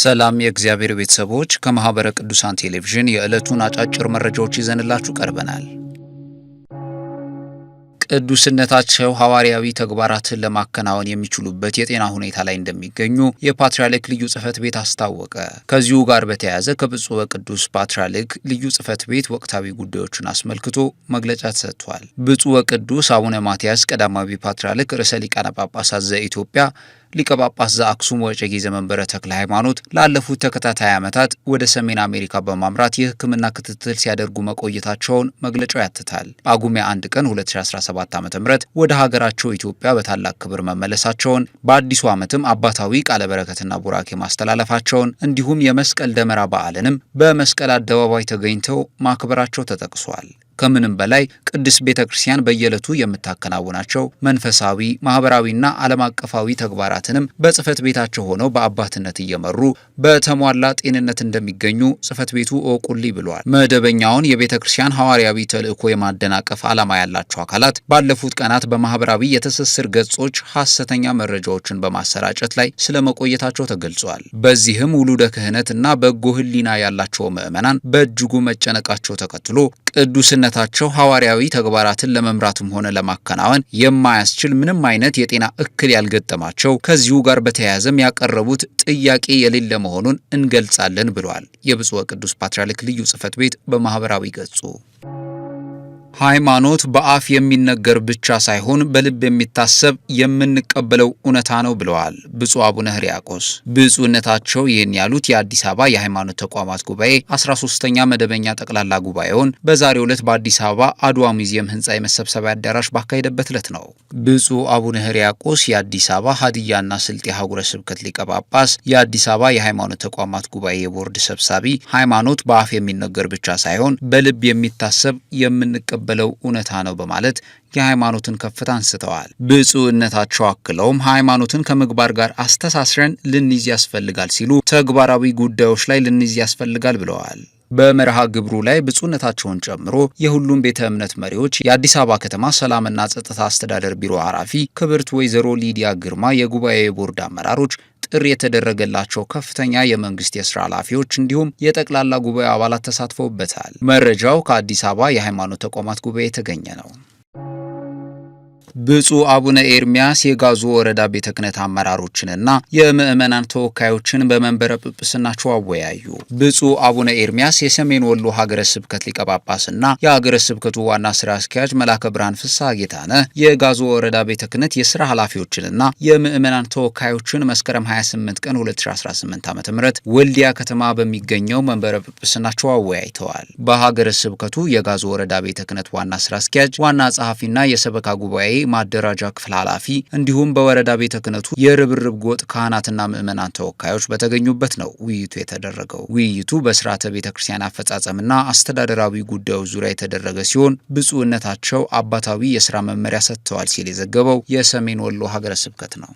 ሰላም የእግዚአብሔር ቤተሰቦች፣ ከማኅበረ ቅዱሳን ቴሌቪዥን የዕለቱን አጫጭር መረጃዎች ይዘንላችሁ ቀርበናል። ቅዱስነታቸው ሐዋርያዊ ተግባራትን ለማከናወን የሚችሉበት የጤና ሁኔታ ላይ እንደሚገኙ የፓትርያርክ ልዩ ጽሕፈት ቤት አስታወቀ። ከዚሁ ጋር በተያያዘ ከብፁዕ ወቅዱስ ፓትርያርክ ልዩ ጽሕፈት ቤት ወቅታዊ ጉዳዮችን አስመልክቶ መግለጫ ተሰጥቷል። ብፁዕ ወቅዱስ አቡነ ማትያስ ቀዳማዊ ፓትርያርክ ርዕሰ ሊቃነ ጳጳሳት ዘኢትዮጵያ ሊቀ ጳጳስ ዘአክሱም ወዕጨጌ ዘመንበረ ተክለ ሃይማኖት ላለፉት ተከታታይ ዓመታት ወደ ሰሜን አሜሪካ በማምራት የሕክምና ክትትል ሲያደርጉ መቆየታቸውን መግለጫው ያትታል። ጳጉሜ 1 ቀን 2017 ዓ ም ወደ ሀገራቸው ኢትዮጵያ በታላቅ ክብር መመለሳቸውን በአዲሱ ዓመትም አባታዊ ቃለ በረከትና ቡራኬ ማስተላለፋቸውን እንዲሁም የመስቀል ደመራ በዓልንም በመስቀል አደባባይ ተገኝተው ማክበራቸው ተጠቅሷል። ከምንም በላይ ቅድስት ቤተ ክርስቲያን በየዕለቱ የምታከናውናቸው መንፈሳዊ፣ ማህበራዊና ዓለም አቀፋዊ ተግባራትንም በጽህፈት ቤታቸው ሆነው በአባትነት እየመሩ በተሟላ ጤንነት እንደሚገኙ ጽህፈት ቤቱ እወቁልኝ ብሏል። መደበኛውን የቤተ ክርስቲያን ሐዋርያዊ ተልእኮ የማደናቀፍ ዓላማ ያላቸው አካላት ባለፉት ቀናት በማህበራዊ የትስስር ገጾች ሐሰተኛ መረጃዎችን በማሰራጨት ላይ ስለመቆየታቸው ተገልጿል። በዚህም ውሉደ ክህነት እና በጎ ህሊና ያላቸው ምዕመናን በእጅጉ መጨነቃቸው ተከትሎ ቅዱስነታቸው ሐዋርያዊ ተግባራትን ለመምራትም ሆነ ለማከናወን የማያስችል ምንም አይነት የጤና እክል ያልገጠማቸው ከዚሁ ጋር በተያያዘም ያቀረቡት ጥያቄ የሌለ መሆኑን እንገልጻለን ብሏል። የብፁዕ ቅዱስ ፓትርያርክ ልዩ ጽሕፈት ቤት በማኅበራዊ ገጹ። ሃይማኖት በአፍ የሚነገር ብቻ ሳይሆን በልብ የሚታሰብ የምንቀበለው እውነታ ነው ብለዋል ብፁዕ አቡነ ሕርያቆስ። ብፁዕነታቸው ይህን ያሉት የአዲስ አበባ የሃይማኖት ተቋማት ጉባኤ 13ኛ መደበኛ ጠቅላላ ጉባኤውን በዛሬው ዕለት በአዲስ አበባ አድዋ ሙዚየም ህንፃ የመሰብሰቢያ አዳራሽ ባካሄደበት ዕለት ነው። ብፁዕ አቡነ ሕርያቆስ የአዲስ አበባ ሀዲያና ስልጤ ሀገረ ስብከት ሊቀ ጳጳስ፣ የአዲስ አበባ የሃይማኖት ተቋማት ጉባኤ የቦርድ ሰብሳቢ ሃይማኖት በአፍ የሚነገር ብቻ ሳይሆን በልብ የሚታሰብ የምንቀበለው የማይቀበለው እውነታ ነው በማለት የሃይማኖትን ከፍታ አንስተዋል። ብፁዕነታቸው አክለውም ሃይማኖትን ከምግባር ጋር አስተሳስረን ልንይዝ ያስፈልጋል ሲሉ ተግባራዊ ጉዳዮች ላይ ልንይዝ ያስፈልጋል ብለዋል። በመርሃ ግብሩ ላይ ብፁዕነታቸውን ጨምሮ የሁሉም ቤተ እምነት መሪዎች፣ የአዲስ አበባ ከተማ ሰላምና ጸጥታ አስተዳደር ቢሮ ኃላፊ ክብርት ወይዘሮ ሊዲያ ግርማ፣ የጉባኤ ቦርድ አመራሮች፣ ጥሪ የተደረገላቸው ከፍተኛ የመንግስት የስራ ኃላፊዎች እንዲሁም የጠቅላላ ጉባኤ አባላት ተሳትፈውበታል። መረጃው ከአዲስ አበባ የሃይማኖት ተቋማት ጉባኤ የተገኘ ነው። ብፁዕ አቡነ ኤርሚያስ የጋዞ ወረዳ ቤተ ክህነት አመራሮችንና የምዕመናን ተወካዮችን በመንበረ ጵጵስናቸው አወያዩ። ብፁዕ አቡነ ኤርሚያስ የሰሜን ወሎ ሀገረ ስብከት ሊቀ ጳጳስና የሀገረ ስብከቱ ዋና ስራ አስኪያጅ መላከ ብርሃን ፍስሐ ጌታነህ የጋዞ ወረዳ ቤተ ክህነት የስራ ኃላፊዎችንና የምዕመናን ተወካዮችን መስከረም 28 ቀን 2018 ዓ ም ወልዲያ ከተማ በሚገኘው መንበረ ጵጵስናቸው አወያይተዋል። በሀገረ ስብከቱ የጋዞ ወረዳ ቤተ ክህነት ዋና ስራ አስኪያጅ ዋና ጸሐፊና የሰበካ ጉባኤ ማደራጃ ክፍል ኃላፊ እንዲሁም በወረዳ ቤተ ክህነቱ የርብርብ ጎጥ ካህናትና ምዕመናን ተወካዮች በተገኙበት ነው ውይይቱ የተደረገው። ውይይቱ በስርዓተ ቤተ ክርስቲያን አፈጻጸምና አስተዳደራዊ ጉዳዮች ዙሪያ የተደረገ ሲሆን ብፁዕነታቸው አባታዊ የስራ መመሪያ ሰጥተዋል ሲል የዘገበው የሰሜን ወሎ ሀገረ ስብከት ነው።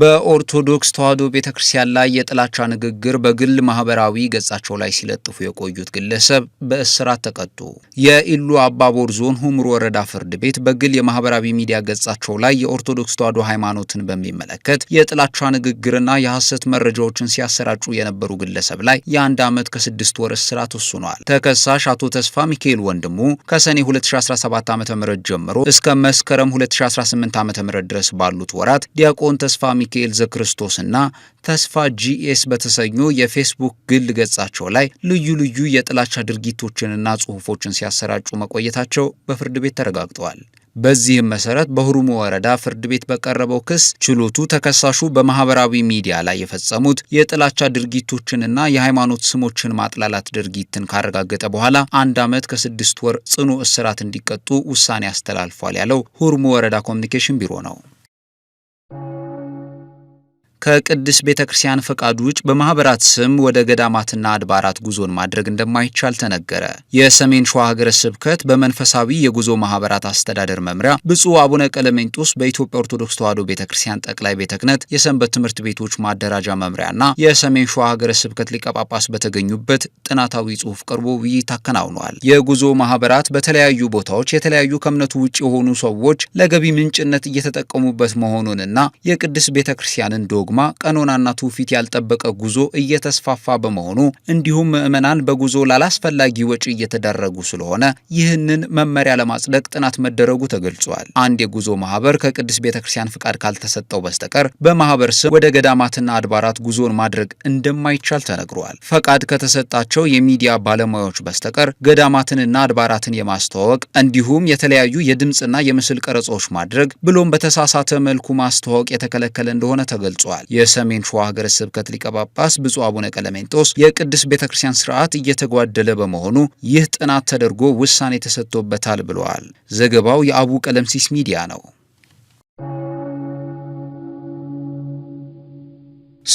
በኦርቶዶክስ ተዋሕዶ ቤተ ክርስቲያን ላይ የጥላቻ ንግግር በግል ማህበራዊ ገጻቸው ላይ ሲለጥፉ የቆዩት ግለሰብ በእስራት ተቀጡ። የኢሉ አባቦር ዞን ሁምር ወረዳ ፍርድ ቤት በግል የማህበራዊ ሚዲያ ገጻቸው ላይ የኦርቶዶክስ ተዋሕዶ ሃይማኖትን በሚመለከት የጥላቻ ንግግርና የሐሰት መረጃዎችን ሲያሰራጩ የነበሩ ግለሰብ ላይ የአንድ ዓመት ከስድስት ወር እስራት ወስኗል። ተከሳሽ አቶ ተስፋ ሚካኤል ወንድሙ ከሰኔ 2017 ዓ ም ጀምሮ እስከ መስከረም 2018 ዓ ም ድረስ ባሉት ወራት ዲያቆን ተስፋ ሚካኤል ዘክርስቶስና ተስፋ ጂኤስ በተሰኙ የፌስቡክ ግል ገጻቸው ላይ ልዩ ልዩ የጥላቻ ድርጊቶችንና ጽሑፎችን ሲያሰራጩ መቆየታቸው በፍርድ ቤት ተረጋግጠዋል። በዚህም መሰረት በሁሩሙ ወረዳ ፍርድ ቤት በቀረበው ክስ ችሎቱ ተከሳሹ በማህበራዊ ሚዲያ ላይ የፈጸሙት የጥላቻ ድርጊቶችንና የሃይማኖት ስሞችን ማጥላላት ድርጊትን ካረጋገጠ በኋላ አንድ ዓመት ከስድስት ወር ጽኑ እስራት እንዲቀጡ ውሳኔ አስተላልፏል ያለው ሁሩሙ ወረዳ ኮሚኒኬሽን ቢሮ ነው። ከቅድስ ቤተ ክርስቲያን ፈቃድ ውጭ በማህበራት ስም ወደ ገዳማትና አድባራት ጉዞን ማድረግ እንደማይቻል ተነገረ። የሰሜን ሸዋ ሀገረ ስብከት በመንፈሳዊ የጉዞ ማህበራት አስተዳደር መምሪያ ብፁዕ አቡነ ቀለሜንጦስ በኢትዮጵያ ኦርቶዶክስ ተዋሕዶ ቤተ ክርስቲያን ጠቅላይ ቤተ ክህነት የሰንበት ትምህርት ቤቶች ማደራጃ መምሪያና የሰሜን ሸዋ ሀገረ ስብከት ሊቀጳጳስ ጳጳስ በተገኙበት ጥናታዊ ጽሑፍ ቀርቦ ውይይት አከናውኗል። የጉዞ ማህበራት በተለያዩ ቦታዎች የተለያዩ ከእምነቱ ውጭ የሆኑ ሰዎች ለገቢ ምንጭነት እየተጠቀሙበት መሆኑንና የቅድስ ቤተ ክርስቲያንን ዶግ ዶግማ፣ ቀኖናና ትውፊት ያልጠበቀ ጉዞ እየተስፋፋ በመሆኑ እንዲሁም ምዕመናን በጉዞ ላላስፈላጊ ወጪ እየተዳረጉ ስለሆነ ይህንን መመሪያ ለማጽደቅ ጥናት መደረጉ ተገልጿል። አንድ የጉዞ ማህበር ከቅዱስ ቤተ ክርስቲያን ፍቃድ ካልተሰጠው በስተቀር በማህበር ስም ወደ ገዳማትና አድባራት ጉዞን ማድረግ እንደማይቻል ተነግሯል። ፈቃድ ከተሰጣቸው የሚዲያ ባለሙያዎች በስተቀር ገዳማትንና አድባራትን የማስተዋወቅ እንዲሁም የተለያዩ የድምፅና የምስል ቀረጾች ማድረግ ብሎም በተሳሳተ መልኩ ማስተዋወቅ የተከለከለ እንደሆነ ተገልጿል። ብለዋል። የሰሜን ሸዋ ሀገረ ስብከት ሊቀ ጳጳስ ብፁዕ አቡነ ቀለሜንጦስ የቅድስት ቤተ ክርስቲያን ስርዓት እየተጓደለ በመሆኑ ይህ ጥናት ተደርጎ ውሳኔ ተሰጥቶበታል ብለዋል። ዘገባው የአቡ ቀለምሲስ ሚዲያ ነው።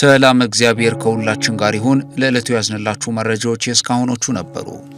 ሰላም እግዚአብሔር ከሁላችን ጋር ይሁን። ለዕለቱ ያዝንላችሁ መረጃዎች የእስካሁኖቹ ነበሩ።